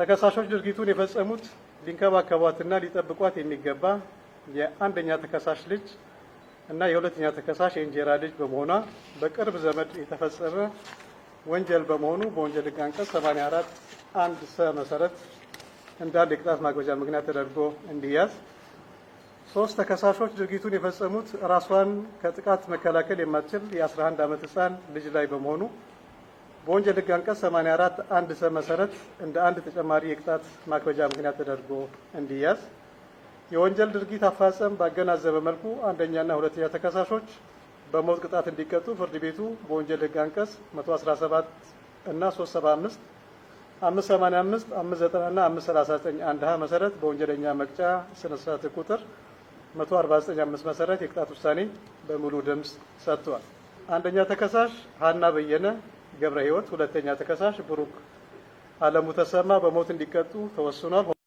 ተከሳሾች ድርጊቱን የፈጸሙት ሊንከባከቧትና ሊጠብቋት የሚገባ የአንደኛ ተከሳሽ ልጅ እና የሁለተኛ ተከሳሽ የእንጀራ ልጅ በመሆኗ በቅርብ ዘመድ የተፈጸመ ወንጀል በመሆኑ በወንጀል ሕግ አንቀጽ 84 አንድ ሰ መሰረት እንደ አንድ የቅጣት ማክበጃ ምክንያት ተደርጎ እንዲያዝ። ሶስት ተከሳሾች ድርጊቱን የፈጸሙት ራሷን ከጥቃት መከላከል የማትችል የ11 ዓመት ህፃን ልጅ ላይ በመሆኑ በወንጀል ህግ አንቀጽ 84 አንድ ሰ መሰረት እንደ አንድ ተጨማሪ የቅጣት ማክበጃ ምክንያት ተደርጎ እንዲያዝ የወንጀል ድርጊት አፋጸም ባገናዘበ መልኩ አንደኛና ሁለተኛ ተከሳሾች በሞት ቅጣት እንዲቀጡ ፍርድ ቤቱ በወንጀል ህግ አንቀጽ 117 እና 375 585 590 እና 539 አንድ ሀ መሰረት በወንጀለኛ መቅጫ ስነ ስርዓት ቁጥር 1495 መሰረት የቅጣት ውሳኔ በሙሉ ድምፅ ሰጥቷል። አንደኛ ተከሳሽ ሀና በየነ ገብረ ህይወት ሁለተኛ ተከሳሽ ብሩክ አለሙ ተሰማ በሞት እንዲቀጡ ተወስኗል።